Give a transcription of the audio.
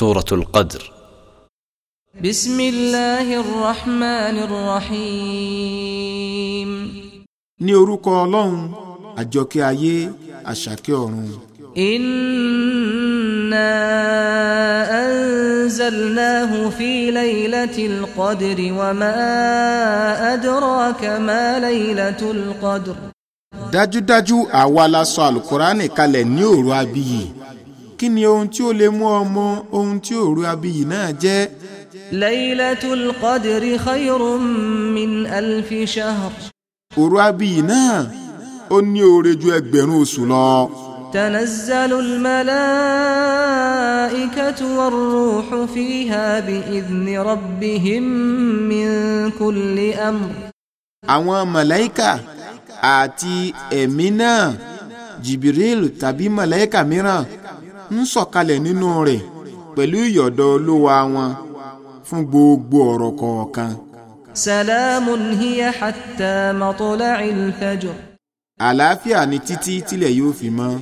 سورة القدر بسم الله الرحمن الرحيم ní orúkọ ọlọ́run àjọkẹ́ ayé àṣàkẹ́ ọ̀run. إنا أنزلناه في ليلة القدر وما أدراك ما ليلة القدر. dájúdájú àwa la sọ àlùkùránì kalẹ̀ ní òru abiyì kí ni ohun tí ó lè mú ọmọ ohun tí òru abiyì náà jẹ́. laylatul qadri khayrun min alfi shahr. òru abiyì náà ó ní oore ju ẹgbẹ̀rún oṣù lọ. tanazzalul malaikatu warruhu fiha bi idni rabbihim min kulli àwọn màláíkà àti ẹ̀mí náà jìbìrìlù tàbí màláíkà mìíràn ń sọ̀kalẹ̀ nínú rẹ̀ pẹ̀lú ìyọ̀dọ̀ olúwa wọn fún gbogbo ọ̀rọ̀ kọ̀ọ̀kan. salamun hiya hatta matla'il fajr. àlàáfíà ni títí tílẹ̀ yóò fi mọ́.